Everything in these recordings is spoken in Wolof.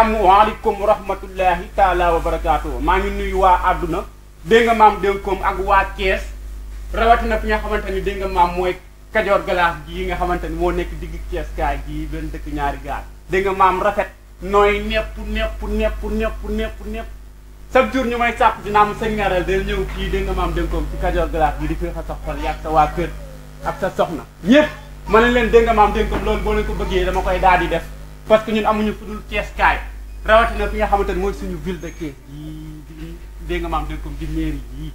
salaamualeykum wa rahmatullahi taala wa barakaatu maa ngi nuyu waa àdduna dégg nga maam dénkoom ak waa Thiès rawatina fi nga xamante ni dégg maam mooy Kajoor Galaas gii nga xamante ni moo nekk digg Thiès gi gii benn dëkk ñaari gaal dégg nga maam rafet nooy nepp nepp nepp nepp nepp nepp chaque jour ñu may sàpp dinaa am sëñ ngaral del ñëw kii dégg nga maam dénkoom ci Kajoor Galaas gii di fi sa xol yàgg sa waa kër ak sa soxna ñëpp ma ne leen dégg nga maam dénkoom loolu boo ko bëggee dama koy daal di def parce que ñun amuñu fu dul Thiès rawatina fi nga xamante ne mooy suñu ville de Thiès yii di dégg nga maam dégg comme di mairie yii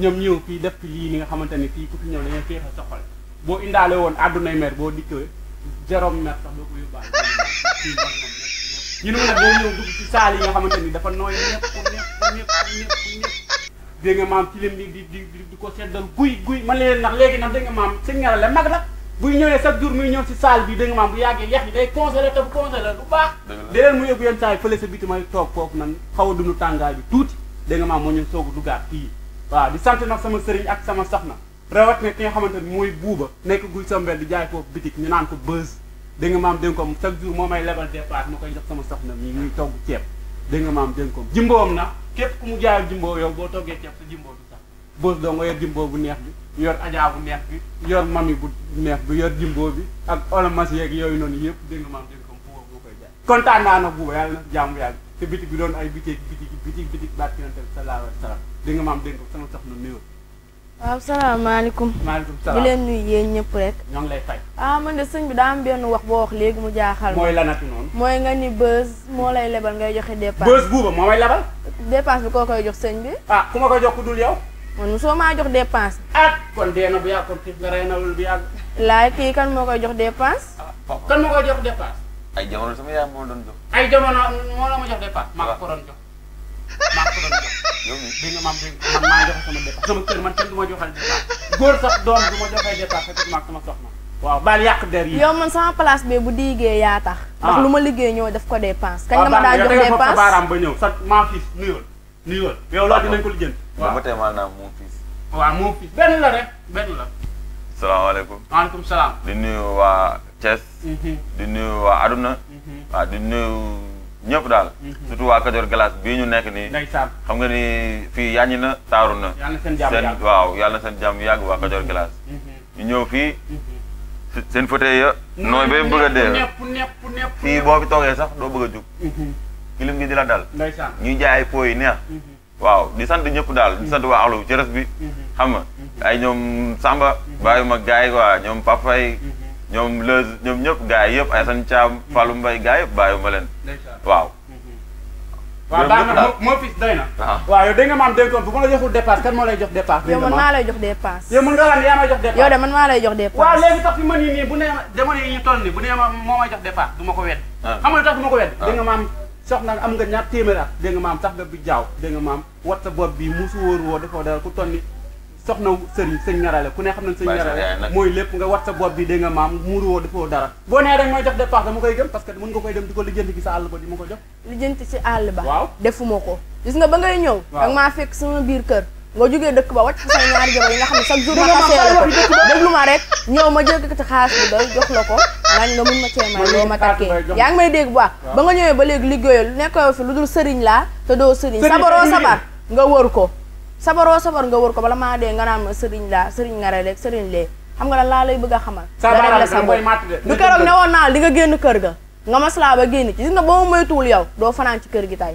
ñoom ñëw fii def fi lii li nga xamante ne fii ku fi ñëw dañuy féex a soxal boo indaale woon àddunay mer boo dikkee jarom mer sax doo ko yóbbaale ñu ne nag boo ñëw yi nga xamante ni dafa nooy ñëpp ñëpp ñëpp ñëpp dégg nga maam di di di ko seddal guy guy man leen ndax léegi nag dégg nga maam sëñ nga la mag la buy ñëwee chaque jour muy ñëw si salle bi da nga maam bu yàggee yax yi day congelé te bu congelé bu baax da leen mu yóbbu yenn saa yi fële sa biti may toog foofu nan xaw a dund tàngaay bi tuuti da nga maam moo ñëw soog a duggaat kii sama sëriñ ak sama soxna rawat ne ki nga xamante ni mooy buuba nekk guy sa mbel di jaay foofu bitik ñu naan ko bës da nga maam dénga kom chaque jour moo may lebal départ ma koy jox sama na mii muy togg ceeb da nga maam dénga kom jimboom na képp ku mu jaay jimbo yow boo toggee ceeb sa jimbo boos doo nga yor jimbo bu neex bi yor ajaa bu neex bi yor mami bu neex bi yor jimbo bi ak olamas yeeg yooyu noonu yëpp dégg nga maam dégg ko buuba boo koy jaay kontaan naa nag buuba yàlla na bi doon ay bi sallallahu alayhi wa sallam nga maam dégg ko sama soxna nuyoo waaw salaamaaleykum maaleykum salaam di leen nuyu yéen ñëpp rek ñoo ngi lay fay ah man de sëñ bi daa benn wax boo wax léegi mu jaaxal mooy lanati noonu mooy nga ni bës moo lay lebal ngay joxe dépense bës buuba moo may lebal dépense bi koo koy jox sëñ bi ah ku ma koy jox ku dul yow man musoo maa jox dépense. ak kon dee na kan ah, kan bu ya kon tif nga rey lu bu yàgg. kan mo koy jox dépense. kan mo koy jox dépense. ay jamono sama ya mo don jox. ay jamono mo la ma jox dépense. waaw ko don jox. maa ko doon jox. yow mii dégg nga maam dégg man maa joxe sama dépense. sama kër man kenn du joxal dépense. góor sax doom du ma dépense fekk maa sama soxna. waaw baal der yi. yow man sama place bu diigee ya tax. ndax luma ma ñoo def ko dépense. kañ nga ma da jox dépense ñew sax ma da nuyul nii woon yow loolu dinañ ko lijjanti. waaw ba tey maanaam moom fils. waaw moom fils benn la rek benn la. salaamaaleykum. maaleykum salaam. di nuyu waa Thiès. di nuyu waa Aduna. waaw di nuyu ñëpp daal. surtout waa Kajoor Glace bii ñu nekk nii. ndeysaan xam nga ni fii yàññi na taaru na. yàlla na seen jàmm yàgg waaw yàlla na seen jàmm yàgg waa Kajoor Glace. ñu ñëw fii. seen fauteuil ya nooy bay bëgg a dee. nepp nepp nepp fii boo fi toogee sax doo bëgg a jug. kilim gi di la dal. ñuy jaay ay po yi neex. Mhm. waaw di sant ñëpp daal di sant waa axlu bi mhm. xam nga mhm. ay ñoom Samba bàyyi ma gars yi quoi ñoom Papay ñoom Leuz ñoom ñëpp gars yi yëpp ay san Thiam Fallou Mbaye gars yëpp bàyyi leen waaw waaw baax na moo fis doy na ah. waaw yow dégg nga maam bu ma la joxul dépasse kan jox dépasse yow man maa lay jox dépasse yow mën nga lan yaa may jox dépasse yow de man maa lay jox dépasse waaw léegi tax fi mën yi nii bu nee jamono yi ñu bu nee moo may jox dépasse du ma ko wedd ah. xam nga tax du ma ko wedd ah. dégg nga soxna am nga ñaar téeméer at maam tax nga bi jaaw dégg nga maam wat sa bopp bi musu wóor woo defoo dara ku toll ni soxna sëriñ sëñ ngarale ku ne xam nañ sëñ ngarale mooy lépp nga wat sa bopp bi dégg maam muuru woo defoo dara boo nee rek mooy jox dépense dama koy gëm parce que mën nga koy dem di ko lijjanti gi sa àll ba di ma ko jox lijjanti si àll ba waaw defuma ko gis nga ba ngay ñëw danga maa fekk sama biir kër nga jógee dëkk ba wàcc sa ñaari jabar yi nga xam ne chaque ma xasee rek ñëw ma jëkk ci xaalis bi la ko naan nga mun ma cee may doo ma takkee yaa ngi may dégg bu ba nga ñëwee ba léegi liggéeyal nekkoo fi lu dul sëriñ laa te doo sëriñ sabaroo sabar nga wër ko sabaroo sabar nga wër ko bala maa dee nga naan ma sëriñ laa sëriñ nga rek sëriñ lee xam nga la laa bëgg a xamal nga la sa du keroog ne woon naa li nga génn kër ga nga maslaa ba génn ci gis nga boo moytuwul yow doo fanaan ci kër gi tay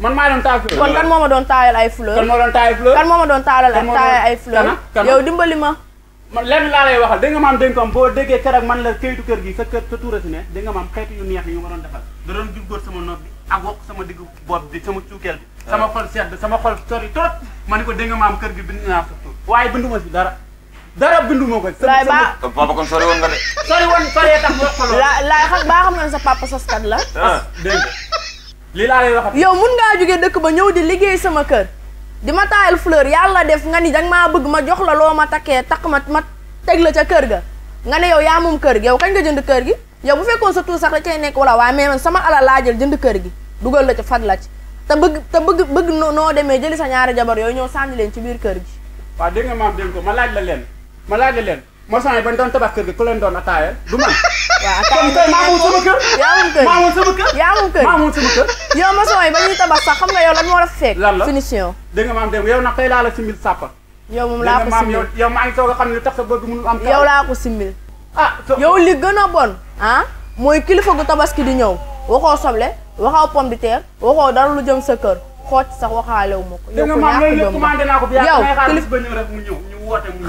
man maa doon taal kon kan moo ma doon ay fleur kan moo doon taal fleur kan moo ma doon taalal kan ay fleur kan ah, kan yow ah. dimbali man lenn laa lay waxal dégg nga maam dénkoom boo déggee kër ak man la këyitu kër gi sa kër sa tuura ne dégg nga maam xeetu yu neex ma defal da sama nopp bi sama digg sama cuukeel bi sama xol sedd sama xol sori trop ma ni nga maam kër gi bind sa tur waaye binduma si dara dara binduma ko. laay ba papa kon sori nga de. sori tax xam nga sa papa la. Ah, li laa lay wax yow mun ngaa jóge dëkk ba ñëw di liggéey sama kër di ma taayal fleur yàlla def nga ni danga maa bëgg ma jox la loo ma takkee takk ma ma teg la ca kër ga nga ne yow yaa moom kër gi yow kañ nga jënd kër gi yow bu fekkoon sa tuur sax da cay nekk wala waaye mais man sama alal laa jënd kër gi dugal la ca fat la ci te bëgg te bëgg bëgg noo demee jëli sa ñaari jabar yooyu ñoo sànni leen ci biir kër gi waaw dégg nga maam dégg ko ma laaj la leen ma laaj leen moo sànni ba ñu doon tabax kër ku leen doon ataaya du كم كم معمول سمكة يا ممكن معمول سمكة يا ممكن معمول سمكة يا ما سوي بني تبع صح يا لم ولا فيك لا لا فينيشيو دعنا ما ندم يا نقي لا لا سميل سابا يا مم لا سميل يا ما عندي سوى خم نتاخد بدو من يا لا سميل ah yow li gën a bon ah mooy kilifa gu tabaski di ñëw waxoo soble waxoo pomme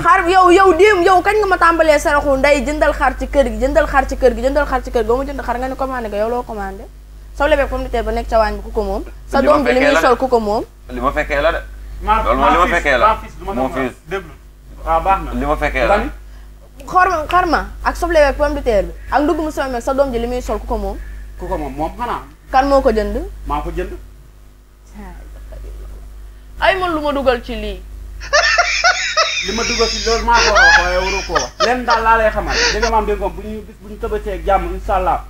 xar yow yow déem yow kañ nga ma tàmbalee saraxu nday jëndal xar ci kër gi jëndal xar ci kër gi jëndal xar ci kër gi ba mu jënd xar nga ne commandé ko yow loo commandé saw lebeeg pomme de terre ba nekk ca waañ bi ko moom sa doom ko moom li ma fekkee la de ma fekkee la mon fils waaw ah, li ma fekkee la xorma xarma ak soble beeg pomme de terre bi ak ndugg mu sama meeg sa doom ji li muy sol ku ko moom ku ko moom moom xanaa kan moo ko jënd maa ko jënd ay man lu ma dugal ci lii li ma dugg si loolu maa ko wax waaye waru ko wax lenn daal laa lay nga maam dégg nga bu ñu bis bu ñu tëbatee ak jàmm incha allah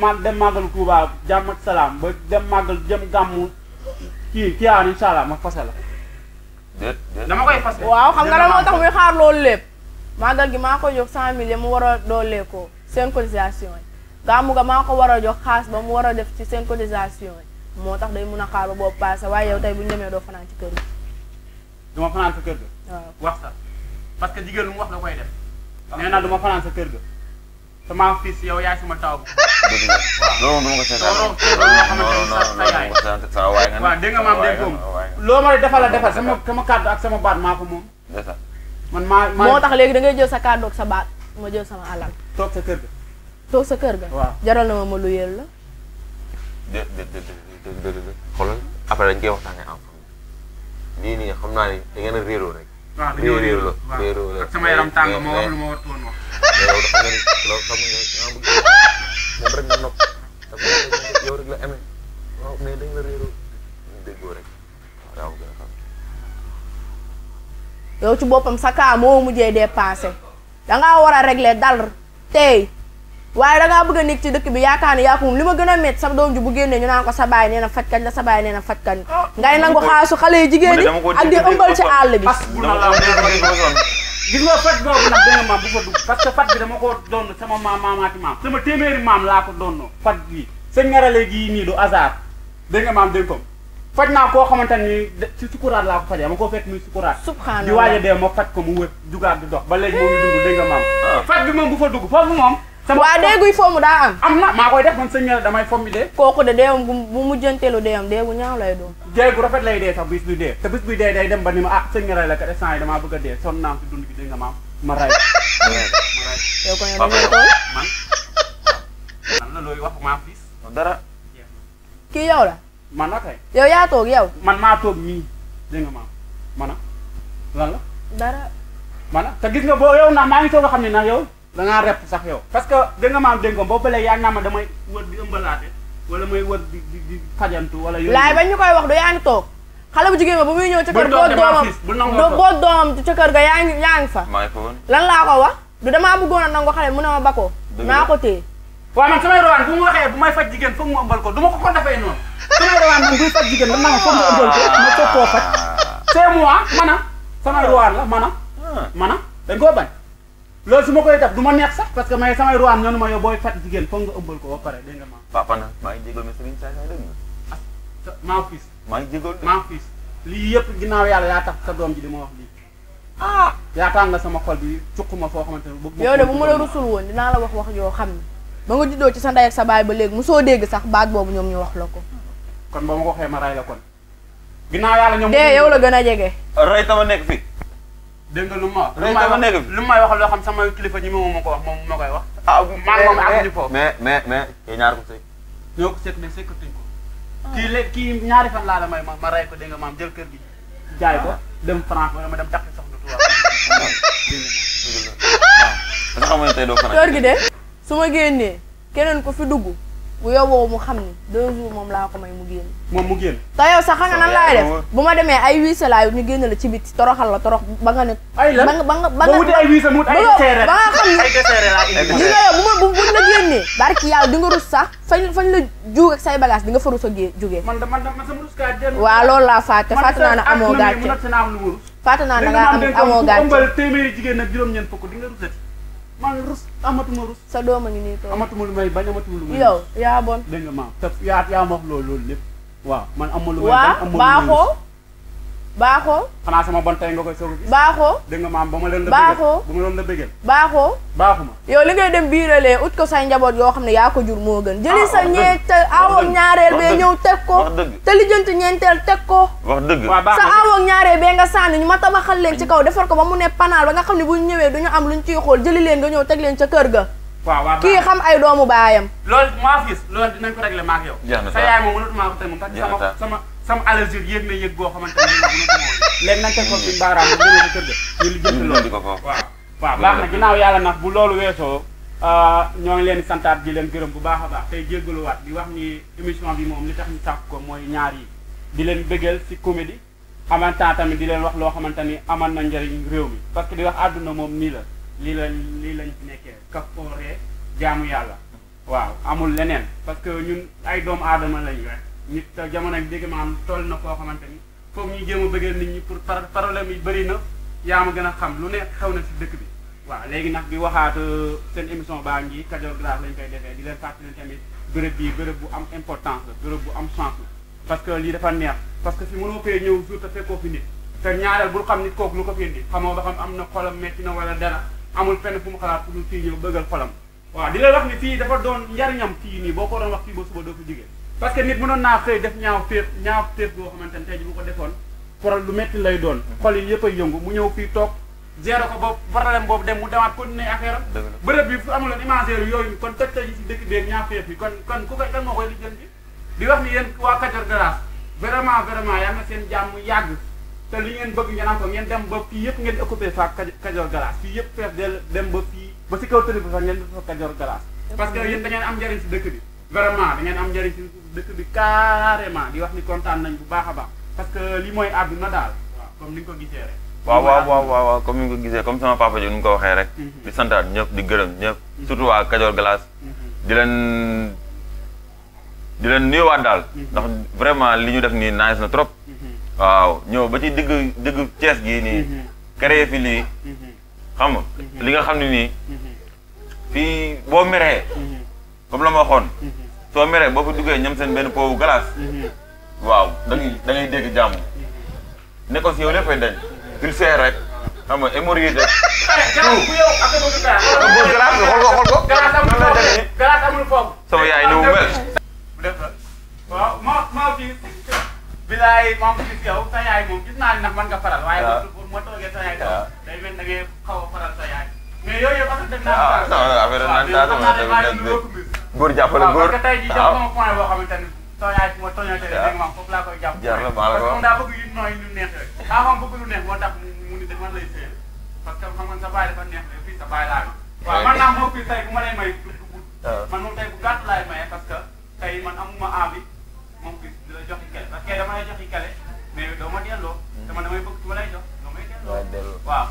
ma dem màggal Touba jàmm ak salaam ba dem màggal jëm gàmmu kii aan incha ma fase la. dama koy fase. waaw xam nga lan moo tax muy xaar loolu lépp. gi maa ko jox cent mille mu war a doolee ko seen cotisation yi. gàmmu ga maa ko war a jox xaas ba mu war a def ci seen cotisation yi moo tax day mun a xaar ba boobu paase waaye yow tey bu ñu demee doo fanaan ci kër gi. duma fanaan sa kër ga wax sa parce que jigéen lu mu wax da koy def nee naa duma fanaan sa kër ga sama fils yow yaay sama taw bi loolu moom ko seetaan loolu moom ko seetaan sa waay nga waaw dégg nga maam dégg ko loo ma defal la defal sama sama kàddu ak sama baat maa ko moom man maa moo tax léegi da ngay jël sa kàddu ak sa baat ma jël sama alal toog sa kër ga toog sa kër ga jaral na ma ma lu yéel la dé dé dé dé dé dé xoolal après dañ koy waxtaanee en lii nii xam naa ne da ngeen a réeroo rek. waaw dañoo réeroo réeroo la ak sama yaram tàng ma wax lu ma war toon wax. loolu xam nga loolu moom rek nga nopp yow rek la amee waaw mais dañ la réeroo déggoo rek waaw gën a xam. yow ci boppam sa kaa moo mujjee dépassé da ngaa war a régler dal tey waye da nga bëgg nek ci dëkk bi yaakaar yaakum yaa gëna met sa doom ju bu gënne ñu naan ko sa bay neena na fajkat la sa bay neena na fajkat ngay nangu xaasu xalé yi jigéen yi ak di ëmbal ci àll bi gis nga fat boobu nak benn ma bu fa dugg parce que fat bi dama ko doon sama maam maamaati maam sama téméri maam la ko doon fat bi sëñ ngaralé gi ni du azar de nga maam dégg ko fat na ko xamante ci sukurat la ko fajee ma ko fek muy sukuraat di waja a ma fat ko mu wër jugaat di dox ba léegi moom dund de nga maam fat bi moom bu fa dugg fofu mom sama waa déeguy foomu daa am. am na maa koy def man sëñ damay fomm bi dee. kooku de deewam bu mujjanteelu deewam dee bu ñaaw lay doon. dee gu rafet lay dee sax bis du dee. te bis buy dee day dem ba ni ma ah sëñ la la kat instant yi damaa bëgg dee sonn naa si dund gi dégg nga maam ma ray yow kon yow dañuy toll man. lan la wax maa fii. dara. kii yow la. man la kay. yow yaa toog yow. man maa toog nii dégg nga maam mana lan la. dara. mana gis nga boo yow naa maa a xam ne na yow. da ngaa rep sax yow. parce que dégg nga maam dégg nga boobu ba léegi yaa ngi ma damay wër di ëmbalaate wala may wër di di di fajantu laay ba ñu koy wax du yaa ngi toog xale bu jigéen ba bu muy ñëw ca kër boo doomam boo doomam ca ga yaa ngi yaa ngi fa lan laa ko wax du damaa bëggoon a nangu xale mu ne ma ba ko naa ko téye waaw man samay rawaan bu mu waxee bu faj jigéen foog mu ko du ma ko ko defee noonu samay rawaan man buy faj jigéen mu ëmbal ko ma soog koo la maanaam ah. maanaam dañ koo bañ loolu su ma koy def du ma neex sax parce que may samay ruwaan ñoonu ma yow booy fat jigéen foog nga ëmbal ko ba pare dégg nga ma. papa na maa ngi jégal ah, mais lii yëpp ginnaaw yàlla yaa tax sa doom ji di ma wax lii. ah yaataan nga sama xol bi cuq ma foo xamante ne bëgg. yow de bu ma la wax wax yoo xam ne ba nga juddoo ci sa ndey ak ba léegi mosoo dégg sax baat boobu ñoom ñu wax la ko. kon ba ma waxee ma ray la kon. ginnaaw yàlla ñoom. tey yow la gën a jege. ray sama nekk fi dégg nga lu ma wax lu may wax loo xam sama kilifa ñi moom moo ko wax moom moo koy wax. ah mais mais mais mais mais ñaar ko sëy. ñoo ko seet mais sekkatuñ ko. Ah. kii léegi kii ñaari fan laa ma ma rey ko dégg ma maam jël kër gi. jaay ko dem France ma dem takk soxna tubaab. dégg nga waaw. parce que xam nga tey doo faral. kër gi de su ma génnee keneen ko fi dugg. bu yóbboo mu xam ni deux jours moom laa ko may mu génn. moom mu génn. te yow sax xam nga nan laay def bu ma demee ay wiisa laa ñu génn la ci biti toroxal la torox ba nga ne. ay lan ba nga ba nga ba nga ay wiisa mu wut ay desere. ba nga xam ni ay desere laa indi. di nga yow bu ma bu buñ la génnee. barki yàlla di nga rus sax fañ fañ la juug ak say bagage di nga fa rus a gé jugee. man da man da man sama rus kaa jël. waaw loolu laa fàtte fàtte naa ne amoo gàcce. fàtte naa ne amoo gàcce. léegi nag am nañu ko amoo gàcce. man rus amatuma rus. sa doom a ngi nii toog amatuma lu may bañ amatuma lu may. yow yaa bon dégg nga maam te yaa yaa ma wax loolu loolu lépp waaw man ama lu may bañ amul lu baaxoo. xanaa sama bon tey nga koy baaxoo dégg maam ba ma leen la. baaxoo ba ma leen la bëggal. baaxoo baaxuma. yow li ngay dem biiralee ut ko say njaboot yoo xam ne yaa ko jur moo gën. jëli ah, sa ñeent aawoog ñaareel bee ñëw teg ko. te lijjanti ñeenteel teg ko. wax dëgg sa aawoog ñaareel bee nga sànni ñu ma tabaxal leen ci kaw defar ko ba mu ne panaal ba nga xam ne bu ñëwee dañu am luñ ciy xool jëli leen nga ñëw teg leen ca kër ga. waaw waaw kii xam ay doomu baayam. loolu maa fi loolu dinañ ko réglé ma ak sa yaay moom mënatuma sama sama allergie yéeg na yëg boo xamante ne léegi nañ teg ko ci baaraam bi dina ko tëdd ñu li jënd loolu waaw waaw baax na ginnaaw yàlla nag bu loolu weesoo euh, ñoo ngi leen santaat ji leen gërëm bu baax a baax tey jéggaluwaat di wax ni émission bi moom li tax ñu sàkk ko mooy ñaar yi di leen bëggeel si comédie en même tamit di leen wax loo xamante ni aman na njëriñ réew mi parce que di wax àdduna moom nii la lii la lii lañ nekkee kafooree jaamu yàlla waaw amul leneen parce que ñun ay doomu aadama lañu rek nit te jamono ak dégg maam toll na koo xamante ni foofu ñu jéem bëggee nit ñi pour par problème yi bëri na yaa ma gën a xam lu ne xew na si dëkk bi. waaw léegi nag bi waxaat euh, seen émission baa ngi Kajoor Glace lañ koy defee di leen fàttali tamit bërëb bii bërëb bu am importance la bërëb bu am chance la parce que lii dafa neex parce que fi mënoo fee ñëw jour te fekkoo fi nit te ñaareel bul xam nit kooku lu ko fi indi xamoo ba xam am na xolam metti na wala dara amul fenn fu mu xalaat pour fii ñëw bëggal xolam waaw di la wax ni fii dafa doon njariñam fii nii ko doon wax fii ba suba doo jigéen parce que nit mënon na xey def ñaaw teef ñaaw teef bo xamantene tay bu ko defoon koral lu metti lay doon xol yi yepay yëngu mu ñëw fi tok zéro ko bop problème bop dem mu demaat ko ne affaire bërepp bi fu amulon imageer yoyu kon tek tay ci dëkk bi ñaaw teef yi kon kon ku ko kan moko li jël di wax ni yeen wa kajar glace vraiment vraiment ya nga seen jamm yag te li ngeen bëgg ñaan ko ngeen dem ba fi yépp ngeen occuper fa kajoor glace fi yépp fees del dem ba fi ba ci kaw tele fa ngeen fa kajoor glace parce que yeen dañu am jarign ci dëkk bi vraiment da ngeen am njëriñ ci dëkk bi carrément di wax ni kontaan nañ bu baax a baax parce que li mooy àdduna daal comme ni ko gisee rek waaw waaw waaw waaw waaw comme ni ko gisee comme sama papa ji ni ko waxee rek mhm. di santaat ñëpp di gërëm ñëpp mhm. surtout waa Kajoor Glace mhm. di leen di leen nuyuwaat daal ndax vraiment li ñu def nii nice na trop waaw ñëw ba ci digg digg Thiès gii nii créé fi lii xam nga li nga xam ni nii fii boo meree comme la ma waxoon soo meree boo fa duggee ñam seen benn poowu glace. Mhm. waaw da ngay da ngay dégg jàmm. Mhm. ne ko si yow léppay rek xam nga hémorroïde rek. yow ak glace xool ko xool ko. glace amul foofu sama yaay ni mu mel. waaw ma sa yaay moom gis naa ne a góor jàppale góor waaw parce que tey jii jamono point boo xamante ni tooñaay ma tooñaatee rek maam foofu laa koy jàpp. jàppale maa la ko parce que moom daa bëgg yu nooy lu neex rek. daa moom bëgg lu neex moo tax mu ni dama lay seeyal parce que xam nga sa baay dafa neex rek fii sa baay laa ma. waaw man naa moom fii tey bu ma lay may gudd. man moom tey bu gàtt laay maye parce que tey man amuma envie moom fii di la joxi kele parce que dama lay joxi kele mais doo ma delloo. dama mm. damay bëgg su ma lay jox doo may delloo. waaw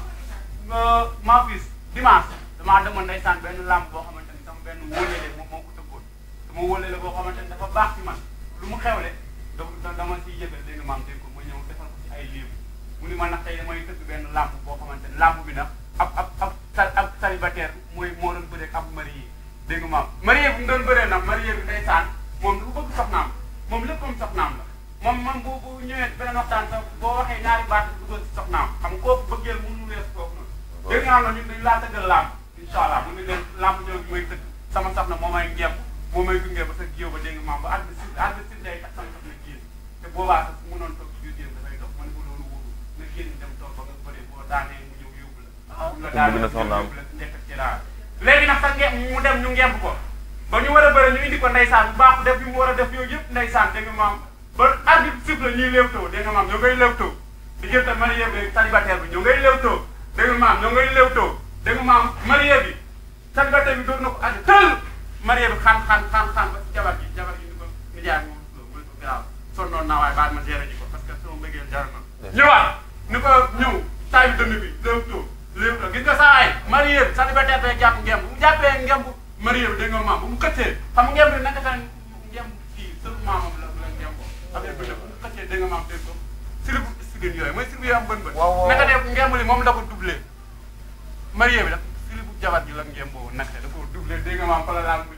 euh, maa fii dimanche damaa demoon ndeysaan benn làmb boo xamante ni sama benn wóolee su ma la boo xamante ne dafa baax ci man lu mu xewle da dama ciy yëgal léegi maam dégg ko ma ñëw defal ko ci ay ma nag tey damay benn làmp boo xamante ne làmp bi nag ab ab ab ab célibataire mooy moo doon bëree ab marié dégg nga maam marié bu mu doon bëree nag marié bi ndeysaan moom lu bëgg moom léppam soxnaam la moom man boo boo ñëwee beneen waxtaan boo waxee ñaari baat bu xam kooku bëggeel mënu wees kooku noonu la ah ñun dañ laa tëggal làmp incha allah moo may moo may gunge ba sa géew ba dégg maam ba ànd si na génn te boobaa sax mu ko loolu wóoru na dem toog ba nga bëree boo daanee mu ñëw yóbbu la bu ah. la daanee yóbbu la si nekk ci raar léegi nag ba ñu a bëri ñu mu war a def yooyu yëpp ndeysaan dégg nga maam ba arbitre sif la ñuy léewtoo dégg nga maam ñoo ngay léewtoo diggante marié bi célibataire bi ñoo ngay léewtoo ko marié bi xaan xaan xaan xaan ba ci jabar gi jabar gi ni ko nijaay moom mu ne ko garaaw sonnoon naa waaye baal ma géré ji ko parce que sama mbëggeel jar na ñëwaat ni ko ñëw taay bi dënn bi léew tóo léew tóo gis nga saa ay marié bi sa liberté day jàpp ngemb bu mu jàppee ngemb marié bi da nga maam bu mu xëccee xam ngemb bi naka tan ngemb kii sëru maamam la la ngemb ko affaire bi bu mu xëccee da nga maam dégg ko silibu sigén yooyu mooy silibu yoo am bën bën naka def ngemb li moom la ko doublé marié bi daf silibu jabar ji la ngemb boobu naka dafa doublé dégg nga maam fa la daal